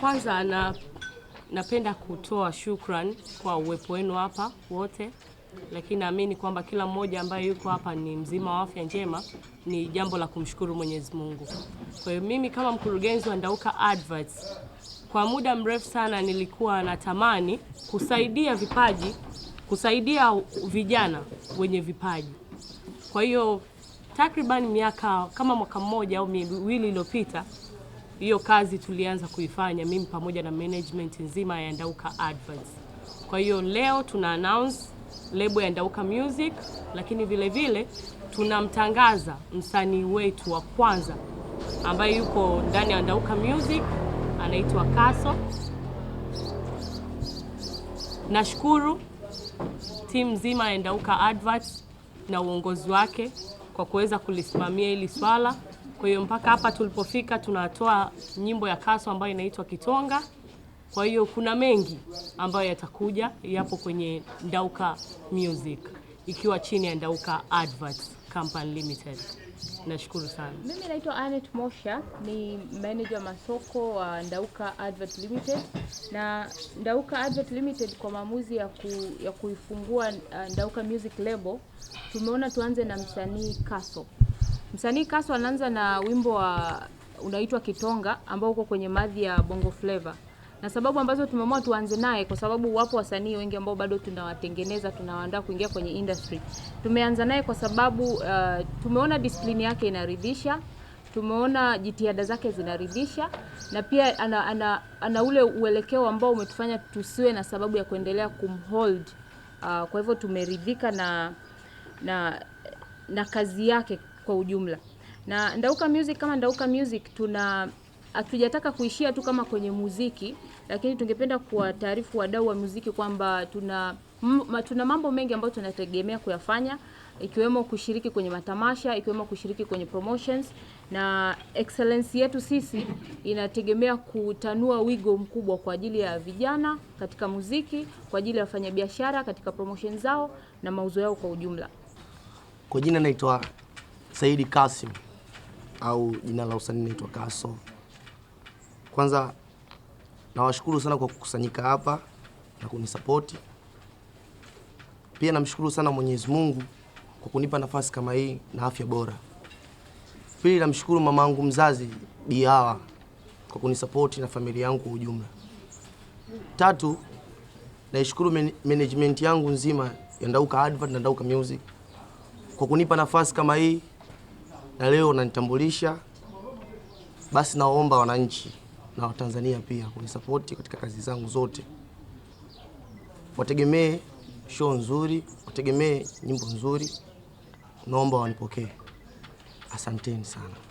Kwanza na napenda kutoa shukran kwa uwepo wenu hapa wote, lakini naamini kwamba kila mmoja ambaye yuko hapa ni mzima wa afya njema, ni jambo la kumshukuru Mwenyezi Mungu. Kwa hiyo mimi kama mkurugenzi wa Ndauka Adverts, kwa muda mrefu sana nilikuwa natamani kusaidia vipaji, kusaidia vijana wenye vipaji. Kwa hiyo takriban miaka kama mwaka mmoja au miwili iliyopita hiyo kazi tulianza kuifanya mimi pamoja na management nzima ya Ndauka Advance. Kwa hiyo leo tuna announce lebo ya Ndauka Music, lakini vile vile tunamtangaza msanii wetu wa kwanza ambaye yuko ndani ya Ndauka Music anaitwa Kaso. Nashukuru timu nzima ya Ndauka Advance na uongozi wake kwa kuweza kulisimamia hili swala. Kwa hiyo mpaka hapa tulipofika, tunatoa nyimbo ya Kaso ambayo inaitwa Kitonga. Kwa hiyo kuna mengi ambayo yatakuja, yapo kwenye Ndauka Music ikiwa chini ya Ndauka Advert Company Limited. Nashukuru sana. Mimi naitwa Anet Mosha, ni manager wa masoko wa Ndauka Advert Limited, na Ndauka Advert Limited kwa maamuzi ya, ku, ya kuifungua uh, Ndauka Music Label, tumeona tuanze na msanii Kaso. Msanii Kaso anaanza na wimbo wa unaitwa Kitonga ambao uko kwenye madhi ya Bongo Flava. Na sababu ambazo tumeamua tuanze naye kwa sababu wapo wasanii wengi ambao bado tunawatengeneza, tunawaandaa kuingia kwenye industry. Tumeanza naye kwa sababu uh, tumeona discipline yake inaridhisha, tumeona jitihada zake zinaridhisha na pia ana, ana, ana ule uelekeo ambao umetufanya tusiwe na sababu ya kuendelea kumhold. Uh, kwa hivyo tumeridhika na na na kazi yake kwa ujumla. Na Ndauka Music kama Ndauka Music tuna hatujataka kuishia tu kama kwenye muziki, lakini tungependa kuwataarifu wadau wa muziki kwamba tuna m, tuna mambo mengi ambayo tunategemea kuyafanya ikiwemo kushiriki kwenye matamasha, ikiwemo kushiriki kwenye promotions na excellence yetu sisi inategemea kutanua wigo mkubwa kwa ajili ya vijana katika muziki, kwa ajili ya wafanyabiashara katika promotion zao na mauzo yao kwa ujumla. Kwa jina naitwa Saidi Kasim au jina la usanii linaitwa Kaso. Kwanza nawashukuru sana kwa kukusanyika hapa na kunisapoti. Pia namshukuru sana Mwenyezi Mungu kwa kunipa nafasi kama hii na afya bora. Pili namshukuru mamaangu mzazi Bi Hawa kwa kunisapoti na familia yangu kwa ujumla. Tatu, naishukuru management yangu nzima ya Ndauka Advert na Ndauka Music kwa kunipa nafasi kama hii na leo unanitambulisha, basi naomba wananchi na Watanzania pia kunisapoti katika kazi zangu zote, wategemee show nzuri, wategemee nyimbo nzuri, naomba wanipokee. Asanteni sana.